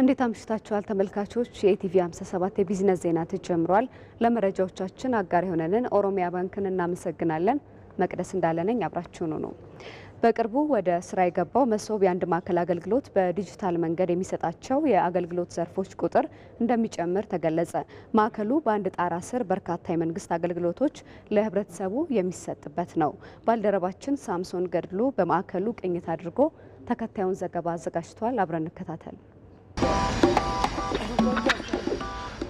እንዴት አምሽታችኋል ተመልካቾች? የኢቲቪ 57 የቢዝነስ ዜና ተጀምሯል። ለመረጃዎቻችን አጋር የሆነንን ኦሮሚያ ባንክን እናመሰግናለን። መቅደስ እንዳለነኝ አብራችሁኑ ነው። በቅርቡ ወደ ስራ የገባው መሶብ የአንድ ማዕከል አገልግሎት በዲጂታል መንገድ የሚሰጣቸው የአገልግሎት ዘርፎች ቁጥር እንደሚጨምር ተገለጸ። ማዕከሉ በአንድ ጣራ ስር በርካታ የመንግስት አገልግሎቶች ለህብረተሰቡ የሚሰጥበት ነው። ባልደረባችን ሳምሶን ገድሉ በማዕከሉ ቅኝት አድርጎ ተከታዩን ዘገባ አዘጋጅቷል። አብረን እንከታተል።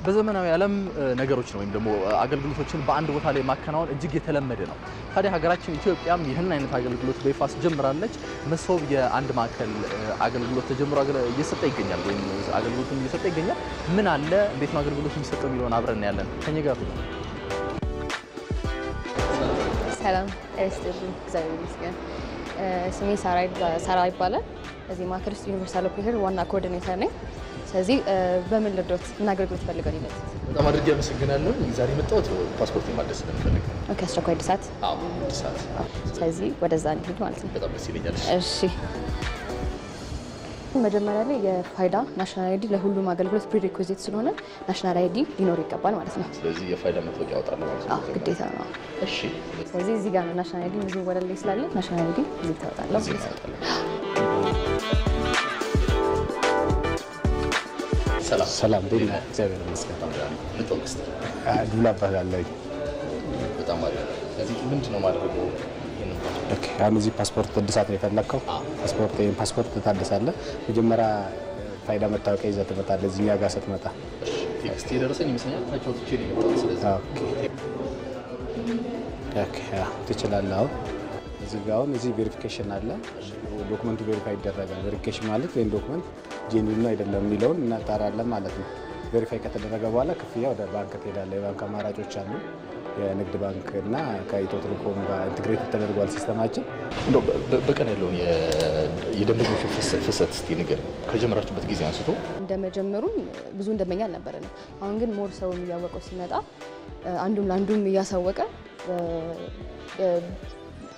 በዘመናዊ ዓለም ነገሮች ነው ወይም ደግሞ አገልግሎቶችን በአንድ ቦታ ላይ ማከናወን እጅግ የተለመደ ነው። ታዲያ ሀገራችን ኢትዮጵያም ይህን አይነት አገልግሎት በይፋ ጀምራለች። መሶብ የአንድ ማዕከል አገልግሎት ተጀምሮ እየሰጠ ይገኛል፣ ወይም አገልግሎቱን እየሰጠ ይገኛል። ምን አለ፣ እንዴት ነው አገልግሎት የሚሰጠው የሚለውን አብረን ያለን ከኛ ጋር ሰላም። እግዚአብሔር ይመስገን። ስሜ ሳራ ይባላል። እዚህ ማዕከል ውስጥ ዩኒቨርሳል ኦፕሬተር ዋና ኮኦርዲኔተር ነኝ። ስለዚህ በምን ልርዶት እና አገልግሎት ፈልገው ይለት በጣም አድርጌ አመሰግናለሁ። ዛሬ የመጣሁት ፓስፖርት ማደስ ስለምፈልግ ኦኬ፣ አስቸኳይ ድሳት። ስለዚህ ወደዛ ሄድ ማለት ነው። በጣም ደስ ይለኛል። እሺ መጀመሪያ ላይ የፋይዳ ናሽናል አይዲ ለሁሉም አገልግሎት ፕሪሪኩዚት ስለሆነ ናሽናል አይዲ ሊኖር ይገባል ማለት ነው። ስለዚህ የፋይዳ መታወቂያ ያወጣል ነው ማለት ነው፣ ግዴታ ነው። እሺ፣ ስለዚህ እዚህ ጋር ነው ናሽናል አይዲ እዚህ ወደ ላይ ስላለ ናሽናል አይዲ እዚህ ታወጣለህ ሰላም ሰላም፣ እንዴት እግዚአብሔር ይመስገን። ዱላ እባላለሁ። በጣም አሪፍ። ስለዚህ ምንድን ነው ማድረገው ያን እዚህ ፓስፖርት እድሳት ነው የፈለግከው። ፓስፖርት ይሄን ፓስፖርት ታደሳለህ። መጀመሪያ ፋይዳ መታወቂያ ይዘህ ትመጣለህ። እዚህ እኛ ጋር ስትመጣ ቴክስት የደረሰኝ ይመስለኛል። ታቸው ትቼ ነው የመጣሁት። ስለዚህ ትችላለህ። አሁን እዚህ ጋር አሁን እዚህ ቬሪፊኬሽን አለ። ዶክመንቱ ቬሪፋይ ይደረጋል። ቬሪፊኬሽን ማለት ወይም ዶክመንት ጄኒን ነው አይደለም የሚለውን እናጣራለን ማለት ነው። ቬሪፋይ ከተደረገ በኋላ ክፍያ ወደ ባንክ ትሄዳለህ። የባንክ አማራጮች አሉ። የንግድ ባንክ እና ከኢትዮ ቴሌኮም ጋር ኢንትግሬት ተደርጓል ሲስተማችን። በቀን ያለውን የደንበኞች ፍሰት እስቲ ንገር። ከጀመራችሁበት ጊዜ አንስቶ እንደመጀመሩም ብዙ ደንበኛ አልነበረንም። አሁን ግን ሞር ሰውም እያወቀው ሲመጣ አንዱም ለአንዱም እያሳወቀ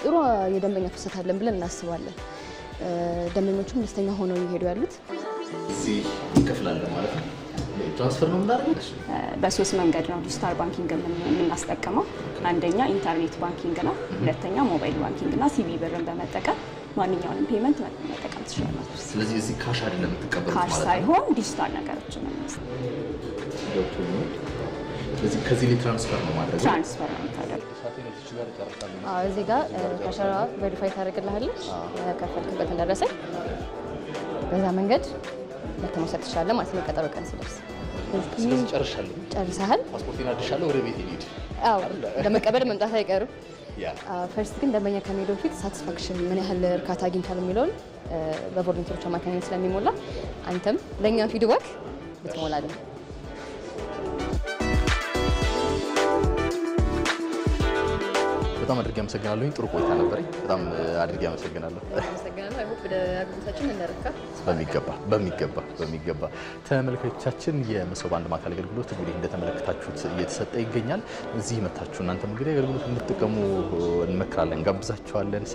ጥሩ የደንበኛ ፍሰት አለን ብለን እናስባለን። ደንበኞቹም ደስተኛ ሆነው እየሄዱ ያሉት እዚህ እንከፍላለን ማለት ነው ትራንስፈር ነው የምናደርገው። በሶስት መንገድ ነው ዲጂታል ባንኪንግ የምናስጠቀመው። አንደኛ ኢንተርኔት ባንኪንግ ነው፣ ሁለተኛ ሞባይል ባንኪንግ እና ሲቪ ብርን በመጠቀም ማንኛውንም ፔመንት መጠቀም ትችላላችሁ። ስለዚህ እዚህ ካሽ አይደለም የምትቀበሉት ማለት ነው? ካሽ ሳይሆን ዲጂታል ነገሮችን ነው። ስለዚህ ከዚህ ላይ ትራንስፈር ነው ማድረግ ትራንስፈር ነው የምታደርገው። እዚህ ጋር ከሸራ ቬሪፋይ ታደርግልሃለች፣ ከፈልክበት እንደደረሰኝ በዛ መንገድ መውሰድ ትችላለህ ማለት ነው። ቀጠሮ ቀን ሲደርስ ስለዚህ ጨርሻለሁ። ጨርሰሃል? ፓስፖርቴን አድሻለሁ። ወደ ቤት ሄድ። አዎ ለመቀበል መምጣት አይቀርም። ፈርስት ግን ደንበኛ ከመሄዱ በፊት ሳቲስፋክሽን ምን ያህል እርካታ አግኝቷል የሚለውን በቮለንቲሮች አማካኝነት ስለሚሞላ አንተም ለእኛም ፊድባክ ብትሞላልን በጣም አድርጌ አመሰግናለሁኝ። ጥሩ ቆይታ ነበረኝ። በጣም አድርጌ አመሰግናለሁ። በሚገባ በሚገባ በሚገባ። ተመልካቾቻችን የመሶብ አንድ ማዕከል አገልግሎት እንግዲህ እንደተመለከታችሁት እየተሰጠ ይገኛል። እዚህ መታችሁ እናንተም እንግዲህ አገልግሎት እንድትጠቀሙ እንመክራለን፣ ጋብዛችኋለን።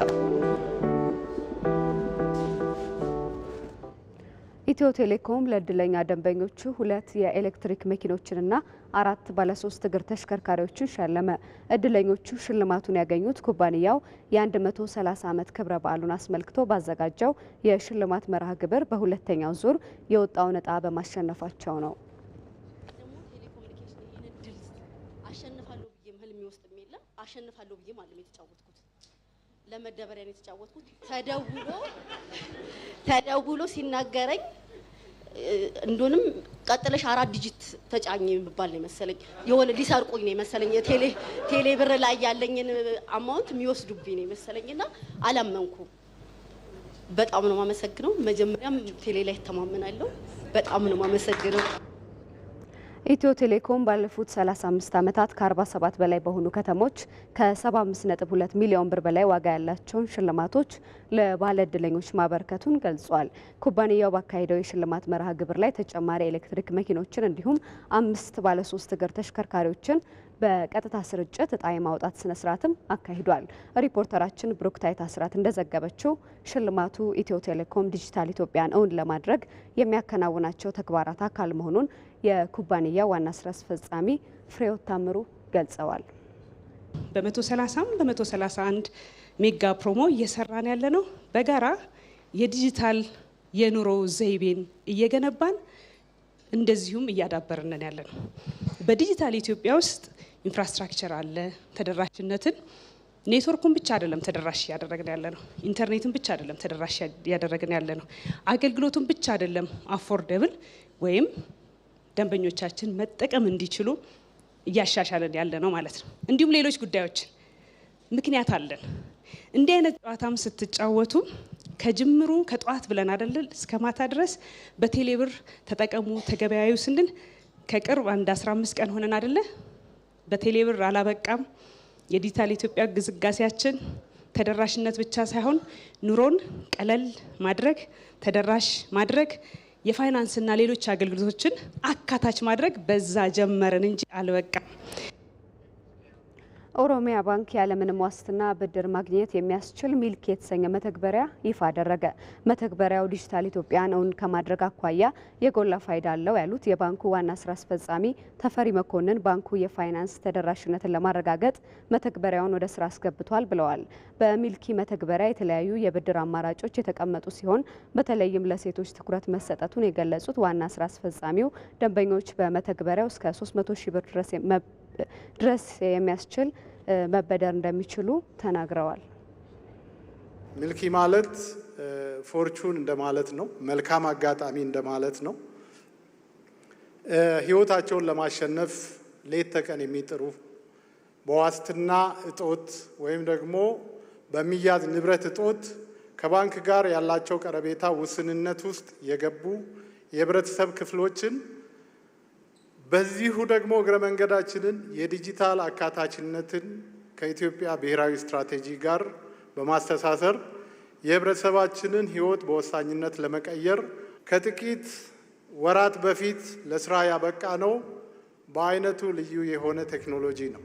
ኢትዮ ቴሌኮም ለእድለኛ ደንበኞቹ ሁለት የኤሌክትሪክ መኪኖችንና አራት ባለሶስት እግር ተሽከርካሪዎችን ሸለመ። እድለኞቹ ሽልማቱን ያገኙት ኩባንያው የ130 ዓመት ክብረ በዓሉን አስመልክቶ ባዘጋጀው የሽልማት መርሃ ግብር በሁለተኛው ዙር የወጣውን እጣ በማሸነፋቸው ነው። አሸንፋለሁ ብዬ የተጫወትኩት ለመደበሪያ ነው የተጫወትኩት። ተደውሎ ተደውሎ ሲናገረኝ እንደሆንም ቀጥለሽ አራት ዲጂት ተጫኝ የሚባል ነው የመሰለኝ። የሆነ ሊሰርቁኝ ነው የመሰለኝ። ቴሌ ብር ላይ ያለኝን አማውንት የሚወስዱብኝ ነው የመሰለኝ እና አላመንኩም። በጣም ነው የማመሰግነው። መጀመሪያም ቴሌ ላይ እተማመናለሁ። በጣም ነው የማመሰግነው። ኢትዮ ቴሌኮም ባለፉት 35 ዓመታት ከ47 በላይ በሆኑ ከተሞች ከ75.2 ሚሊዮን ብር በላይ ዋጋ ያላቸውን ሽልማቶች ለባለ እድለኞች ማበርከቱን ገልጿል። ኩባንያው ባካሄደው የሽልማት መርሃ ግብር ላይ ተጨማሪ ኤሌክትሪክ መኪኖችን እንዲሁም አምስት ባለሶስት እግር ተሽከርካሪዎችን በቀጥታ ስርጭት እጣ የማውጣት ስነ ስርዓትም አካሂዷል። ሪፖርተራችን ብሩክታይት አስራት እንደዘገበችው ሽልማቱ ኢትዮ ቴሌኮም ዲጂታል ኢትዮጵያን እውን ለማድረግ የሚያከናውናቸው ተግባራት አካል መሆኑን የኩባንያ ዋና ስራ አስፈጻሚ ፍሬው ታምሩ ገልጸዋል። በ130 በ131 ሜጋ ፕሮሞ እየሰራን ያለ ነው። በጋራ የዲጂታል የኑሮ ዘይቤን እየገነባን እንደዚሁም እያዳበርንን ያለ ነው። በዲጂታል ኢትዮጵያ ውስጥ ኢንፍራስትራክቸር አለ። ተደራሽነትን ኔትወርኩን ብቻ አይደለም ተደራሽ እያደረግን ያለ ነው። ኢንተርኔትን ብቻ አይደለም ተደራሽ እያደረግን ያለ ነው። አገልግሎቱን ብቻ አይደለም አፎርደብል ወይም ደንበኞቻችን መጠቀም እንዲችሉ እያሻሻለን ያለ ነው ማለት ነው። እንዲሁም ሌሎች ጉዳዮችን ምክንያት አለን። እንዲህ አይነት ጨዋታም ስትጫወቱ ከጅምሩ ከጠዋት ብለን አይደለም እስከ ማታ ድረስ በቴሌብር ተጠቀሙ ተገበያዩ ስንል ከቅርብ አንድ 15 ቀን ሆነን አደለ በቴሌብር አላበቃም። የዲጂታል ኢትዮጵያ ግስጋሴያችን ተደራሽነት ብቻ ሳይሆን ኑሮን ቀለል ማድረግ ተደራሽ ማድረግ የፋይናንስና ሌሎች አገልግሎቶችን አካታች ማድረግ በዛ ጀመርን እንጂ አልበቃም። ኦሮሚያ ባንክ ያለምንም ዋስትና ብድር ማግኘት የሚያስችል ሚልክ የተሰኘ መተግበሪያ ይፋ አደረገ። መተግበሪያው ዲጂታል ኢትዮጵያን እውን ከማድረግ አኳያ የጎላ ፋይዳ አለው ያሉት የባንኩ ዋና ስራ አስፈጻሚ ተፈሪ መኮንን ባንኩ የፋይናንስ ተደራሽነትን ለማረጋገጥ መተግበሪያውን ወደ ስራ አስገብቷል ብለዋል። በሚልኪ መተግበሪያ የተለያዩ የብድር አማራጮች የተቀመጡ ሲሆን በተለይም ለሴቶች ትኩረት መሰጠቱን የገለጹት ዋና ስራ አስፈጻሚው ደንበኞች በመተግበሪያው እስከ 300 ሺህ ብር ድረስ ድረስ የሚያስችል መበደር እንደሚችሉ ተናግረዋል። ምልኪ ማለት ፎርቹን እንደማለት ነው። መልካም አጋጣሚ እንደማለት ነው። ህይወታቸውን ለማሸነፍ ሌት ተቀን የሚጥሩ በዋስትና እጦት ወይም ደግሞ በሚያዝ ንብረት እጦት ከባንክ ጋር ያላቸው ቀረቤታ ውስንነት ውስጥ የገቡ የህብረተሰብ ክፍሎችን በዚሁ ደግሞ እግረ መንገዳችንን የዲጂታል አካታችነትን ከኢትዮጵያ ብሔራዊ ስትራቴጂ ጋር በማስተሳሰር የህብረተሰባችንን ህይወት በወሳኝነት ለመቀየር ከጥቂት ወራት በፊት ለስራ ያበቃ ነው በአይነቱ ልዩ የሆነ ቴክኖሎጂ ነው።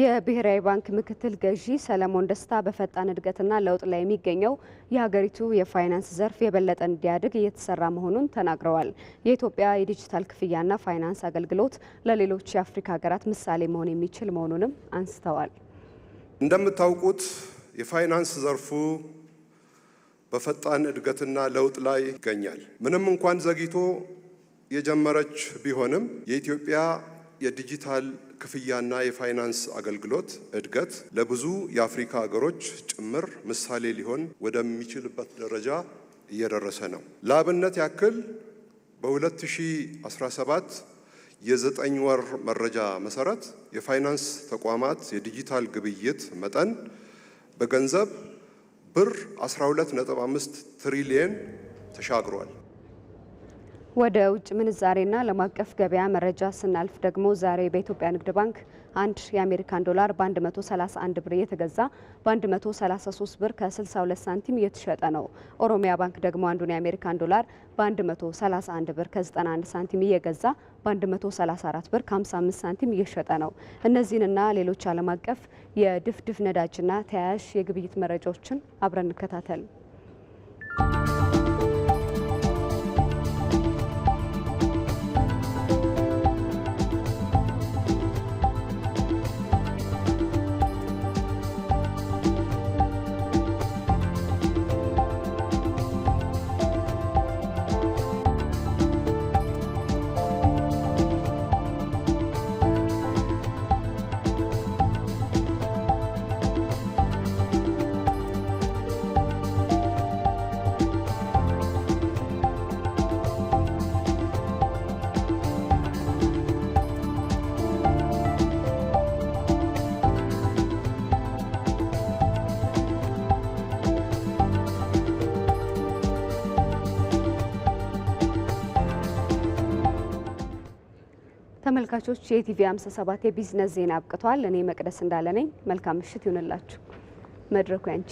የብሔራዊ ባንክ ምክትል ገዢ ሰለሞን ደስታ በፈጣን እድገትና ለውጥ ላይ የሚገኘው የሀገሪቱ የፋይናንስ ዘርፍ የበለጠ እንዲያድግ እየተሰራ መሆኑን ተናግረዋል። የኢትዮጵያ የዲጂታል ክፍያና ፋይናንስ አገልግሎት ለሌሎች የአፍሪካ ሀገራት ምሳሌ መሆን የሚችል መሆኑንም አንስተዋል። እንደምታውቁት የፋይናንስ ዘርፉ በፈጣን እድገትና ለውጥ ላይ ይገኛል። ምንም እንኳን ዘግይቶ የጀመረች ቢሆንም የኢትዮጵያ የዲጂታል ክፍያና የፋይናንስ አገልግሎት እድገት ለብዙ የአፍሪካ ሀገሮች ጭምር ምሳሌ ሊሆን ወደሚችልበት ደረጃ እየደረሰ ነው። ለአብነት ያክል በ2017 የዘጠኝ ወር መረጃ መሰረት የፋይናንስ ተቋማት የዲጂታል ግብይት መጠን በገንዘብ ብር 12.5 ትሪሊየን ተሻግሯል። ወደ ውጭ ምንዛሬና ዓለም አቀፍ ገበያ መረጃ ስናልፍ ደግሞ ዛሬ በኢትዮጵያ ንግድ ባንክ አንድ የአሜሪካን ዶላር በ131 ብር እየተገዛ በ133 ብር ከ62 ሳንቲም እየተሸጠ ነው። ኦሮሚያ ባንክ ደግሞ አንዱን የአሜሪካን ዶላር በ131 ብር ከ91 ሳንቲም እየገዛ በ134 ብር ከ55 ሳንቲም እየሸጠ ነው። እነዚህንና ሌሎች ዓለም አቀፍ የድፍድፍ ነዳጅና ተያያዥ የግብይት መረጃዎችን አብረን እንከታተል። ተመልካቾች የኢቲቪ 57 የቢዝነስ ዜና አብቅቷል። እኔ መቅደስ እንዳለ ነኝ። መልካም ምሽት ይሁንላችሁ። መድረኩ ያንቺ